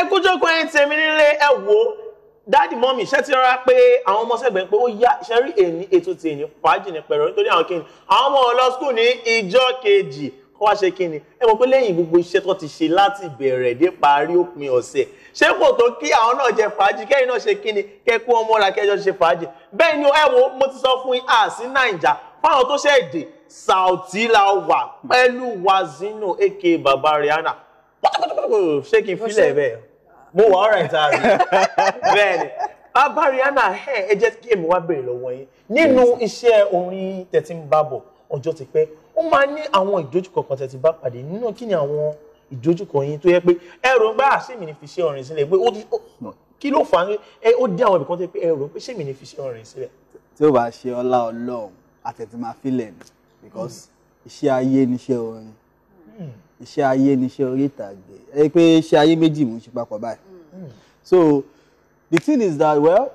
ẹ kú jókòó ẹ̀yin tèmi nílé ẹ wò ó dáàdì mọ́mì iṣẹ́ ti rárá pé àwọn ọmọ sẹ́gbẹ̀ẹ́ pé ó yá iṣẹ́ rí èyí ètò ti èyí fàájì ní pẹ̀rọ nítorí àwọn kìnnì àwọn ọmọ ọ̀lọ́ skul ní ìjọ kejì kó wá ṣe kìnnì ẹ mọ̀ pé lẹ́yìn gbogbo iṣẹ́ tó ti ṣe láti bẹ̀rẹ̀ dé parí òpin ọ̀sẹ̀ ṣé kò tó kí àwọn náà jẹ fàájì kẹ́yìn náà ṣe kìnnì kẹ́kú ọmọ ra kẹjọ ṣe fàájì bẹ́ẹ̀ ni ẹ wo mo ti sọ fún yín àsí nàìjà fáwọn tó ṣe èdè Saoty la wà pẹ̀lú Wazino aka Baba Rihanna ṣé mo wà ọ̀rẹ́ ìta rí bẹ́ẹ̀ ni bàbá Rihanna ẹ ẹ jẹ́ kí èmi wá béèrè lọ́wọ́ yín nínú iṣẹ́ orin tẹ̀tí ń bábọ̀ ọjọ́ ti pẹ́ ó máa ní àwọn ìdojúkọ kan tẹ̀tí bá pàdé nínú kí ni àwọn ìdojúkọ yín tó yẹ pé ẹrù ń gbà sèmi ní fi ṣe orin sílẹ̀ pé kí ló fà á ó dé àwọn ibìkan tó yẹ pé ẹrù pé sèmi ní fi ṣe orin sílẹ̀. tí ó bá ṣe ọlá Ọlọ́run àtẹ̀tí máa fi lẹ̀ because hmm. iṣẹ́ ayé níṣẹ́ orin hmm iṣẹ́ ayé ni iṣẹ́ orí ìtàgé ẹ pé iṣẹ́ ayé méjì mò ṣe papọ̀ báyìí hmm. so the thing is that well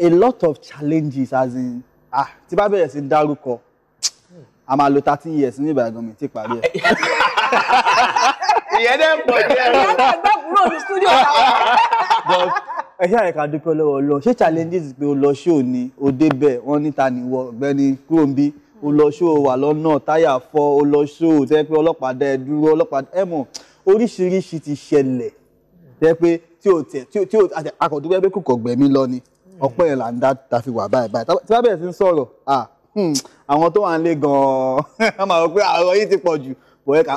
a lot of challenges as in ah tí bá bẹ̀rẹ̀ sí dárúkọ a máa lò thirteen years ní ìbàdàn mi ti parí ẹ̀. ìyẹn dẹ́ pọ̀ jẹ́ o. ìyẹn náà gbọ́ kúrò ní studio náà. ẹ ṣáà ẹ̀ka dúpẹ́ lọ́wọ́ lọ ṣé challenges pé o lọ ṣó ni o débẹ̀ wọ́n níta nìwọ ọ̀gbẹ́ni kúròǹbí o lọ ṣó o wà lọ́nà táyà fọ́ o lọ ṣó o tẹ́ pé ọlọ́pàá dá ẹ dúró ọlọ́pàá ẹ mọ̀ oríṣiríṣi ti ṣẹlẹ̀ tẹ́ pé tí o tẹ̀ tí o akọ̀dúpẹ́ pé kòkò gbẹ̀mí lọ ni ọpẹ́ yẹn là ń dá ta fi wà báyìí báyìí tí wọ́n bẹ̀rẹ̀ sí ń sọ̀rọ̀ hmm, àwọn tó wà ń lé gan-an wọ́n máa rò pé àrọ̀ yìí ti pọ̀ jù bọ̀yẹ́ ká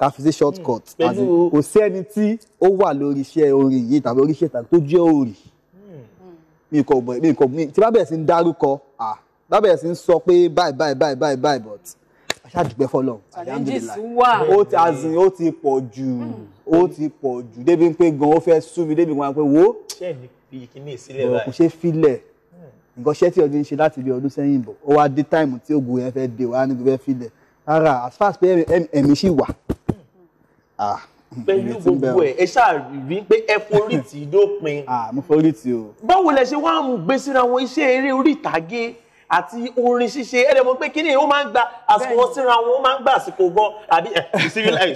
ká fi sí short cut hmm, kò sí ẹni tí ó wà lórí iṣẹ́ orin yìí tàbí orí iṣẹ́ tàbí tó jẹ́ òrì hmm. mi kò bọ̀ mi kò mi tí bá bẹ̀rẹ̀ sí ń dárúkọ lábẹ̀ sí ń sọ pé bye, bye, bye, bye, bye, but aṣáàdùgbẹ́ fọlọ́ ó ti azin ó ti pọ̀ jù hmm. ó ti pọ̀ jù débi pé gan ó fẹ́ sú mi débi gan pé wo ọ̀rọ̀ kò ṣe filẹ̀ hmm. nǹkan ṣẹ́ tí ọdún ṣe láti bí ọdún sẹ́yìn bọ̀ ó wá dé táìmù tí ògùn yẹn fẹ́ dé wá níbi fẹ́ filẹ̀ rárá as far as pé ẹ̀mí ṣì wà hmm. Ah, pẹ̀lú gbogbo ẹ̀ ẹ ṣáà rí pé ẹ forí tì í dópin. Ah, mo forí tì o. báwo lẹ ṣe wá ń gbé síra wọn iṣẹ́ eré orí ìtàgé àti orin ṣíṣe ẹ̀rẹ̀ mọ̀ pé kíni ó máa ń gba àsìkò wọn síra wọn ó máa ń gba àsìkò gan àbí eh,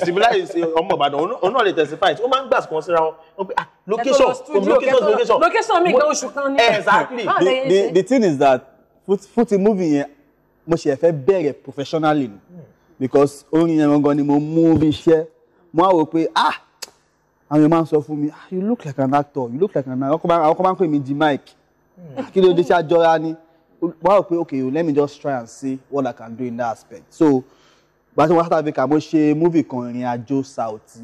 civilize eh, ọmọ Ìbàdàn òun lè testify ó máa ń gba àsìkò wọn síra wọn ah, location location location location mi gan oṣù kan ní. exactly the the thing is that fúti movie yẹn mo ṣe fẹ́ bẹ̀rẹ̀ professionally hmm. because orin yẹn gangan ni mo mú bí iṣẹ́ mo á wò pé ah àwọn èèyàn máa ń sọ fún mi ah, you look like an actor you look like an actor àwọn kan máa ń pè mí di mike hmm. ah, kí ló dé ṣáájọra ni wá rò okay let me just try and see what I can do in that aspect so gbàtí wọn South Africa mo ṣe movie kan ìrìn àjò Saoti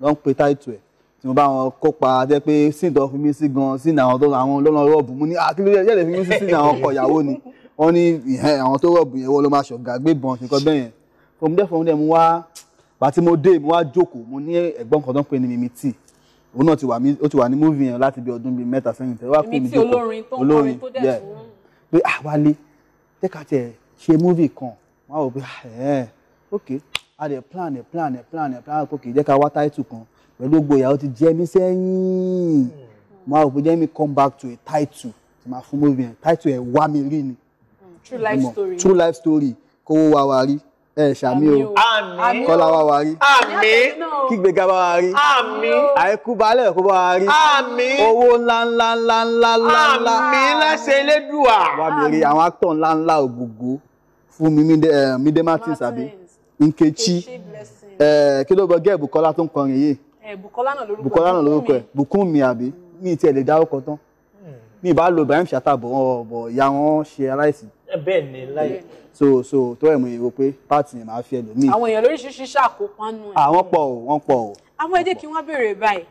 ló ń pe táìtù ẹ̀ tí mo bá wọn kópa jẹ́ pé síndọ̀ fi mí sí gan sínú àwọn tó àwọn lọ́nà rọ́ọ̀bù mo ní àkílẹ̀ ah, yẹ́ lè fi mí sí sínú àwọn ọkọ ìyàwó ni wọ́n ní àwọn tó rọ̀bù yẹn wọ́n ló máa ṣọ̀gá gbébọn nǹkan bẹ́ẹ̀ yẹn from there from there mo wá bàtí mo dé mo wá jókòó mo ní ẹ̀gbọ́n kan tó ń pè ní mímí tíì òun náà ti wà ní movie yẹn láti bí ọdún bíi mẹ́ta sẹ́yìn tẹ́ wá pè mí jókòó olórin tó dẹ̀ pé àwa ah, lè jẹ́ ká tiẹ̀ ṣe múvì kan wọ́n á wò pé ah, ẹ̀ẹ́ ok a dẹ̀ plan dẹ̀ plan dẹ̀ plan dẹ̀ plan ok jẹ́ ká wá táìtù kan pẹ̀lú gbogbo ìyàwó ti jẹ́ mí sẹ́yìn wọ́n hmm. á wò pé jẹ́ mi come back to a title, tí máa fún múvì yẹn táìtù ẹ̀ wá mi rí ni hmm. true life story true life story kówó wá rí ẹ ṣàmì o kọ́lá wa wa rí kígbéga bá wa rí àìkú balẹ̀ kó bá wa rí owó ńláńlá ńláńlá ńláńlá àmì láṣẹ elédùà. wà mí rí àwọn actor ńláńlá ògògó fún mi Mide eh, Martins àbí Nkechi eh, kí ló bọ gẹ́ Bùkọ́lá tó ń kọrin yìí eh, Bùkọ́lá náà lórúkọ ẹ̀ Bùkúnmi àbí mi tiẹ̀ lè dárúkọ tán hmm. mi ìbá lo Ibrahim Shatta bọ̀ ìyá wọn ṣe aláìsí. Eh, bẹ́ẹ̀ ni láyé. so so tó ẹ̀ mú yẹn wo pé pààtì yẹn máa fi ẹlòmíì. àwọn èèyàn lóríṣiríṣi ṣàkópa nù ẹ̀. àwọn pọ̀ o wọ́n pọ̀ o. àwọn ẹ kí wọ́n béèrè báyìí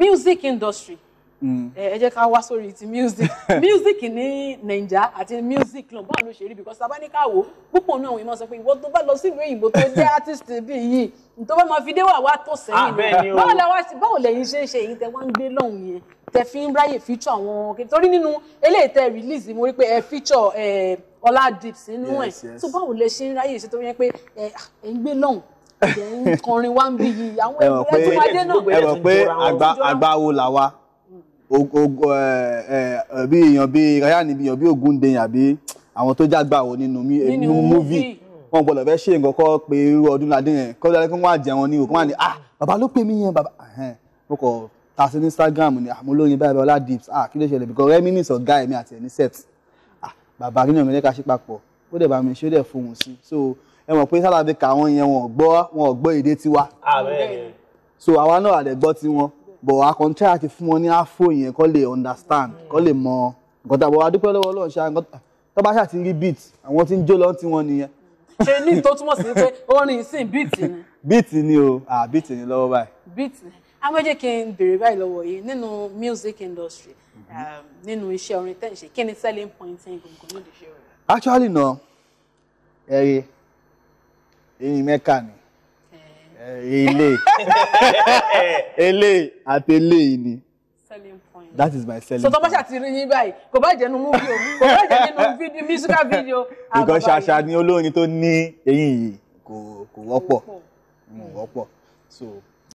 music industry hmm. ẹ jẹ́ ká wá sórí ti music music ní naija àti music náà báwo ló ṣe rí because abá ní ká wò púpọ̀ náà àwọn èèyàn sọ pé ìwọ tó bá lọ sílùú òyìnbó tó jẹ́ artist bí yìí tó bá máa fi dé wà wá tó sẹ́yìn ah, báwo la wá sí báwo lẹ́yìn ṣe ń ṣe èyí tẹ wá ń fi ń ráyè feature àwọn torí nínú eléyìí tẹ release mo rí pé ẹ feature ẹ. Eh, ọlá deep sínú ẹ̀ tó báwo lẹ ṣe ń ráyè ṣe tó yẹ pé ẹ ń gbé lọ́hùn kọrin wá ń bí yìí àwọn ẹgbẹ́ tó máa dé náà. ẹ mọ̀ pé àgbáwo là wa hmm. bí èèyàn bí ráyà níbi èèyàn bí Ògúndèyìn àbí àwọn tó jágbàwo nínú múvì wọn gbọ́dọ̀ fẹ́ ṣe nǹkan kọ pé irú ọdún ládé yẹn kọ dáadáa kí wọn á jẹun ní òkú wọn ni ah bàbá ló pè mí yẹn bàbá mo kọ ta sí ní Instagram ni àmúlòyìn báyìí báyìí ọlá dips ah kí ló ṣẹlẹ̀ because reminisce ọ̀gá ẹ̀mí àti ẹ̀ní set bàbá kí ni òmìnira ká ṣe papọ̀ ó dẹ̀ bá mi ṣe ó dẹ̀ fohùn sí so ẹ mọ̀ pé sálábí ka àwọn yẹn wọn gbọ́ wọn gbọ́ èdè tiwa so àwa náà àlẹ́ gbọ́ tiwọn bọ̀ wá kàn try àti fún wọn ní afro yẹn kọ́ lè understand kọ́ lè mọ nǹkan tàbí wàá dúpẹ́ lọ́wọ́ Ọlọ́run ṣá tó bá ṣàti rí beat àwọn tí ń jó lọ́n tiwọn nìyẹn. ṣe ní tó túmọ̀ sí pé orin ìsìn beat ni. beat ni o ah beat ni lọ́wọ́ báyìí. beat ni àwọn ẹ jẹ́ kí n béèrè báyìí lọ́wọ́ yìí nínú music industry Mm-hmm. Um, nínú iṣẹ́ orin tẹ́ ń ṣe kí ni selling point yín gbogbo nídìí iṣẹ́ orin. actually na ẹ̀rí eyín mẹ́ka ni eh. Eh, ilé ilé àti ilé ni that is my selling. so tó bá ṣàti rí yín báyìí kò bá jẹ́ nínú múvi o kò bá jẹ́ nínú fídíò musical video. because ṣàṣà ni olórin tó ní eyín yìí kò kò wọ́pọ̀ kò wọ́pọ̀ so.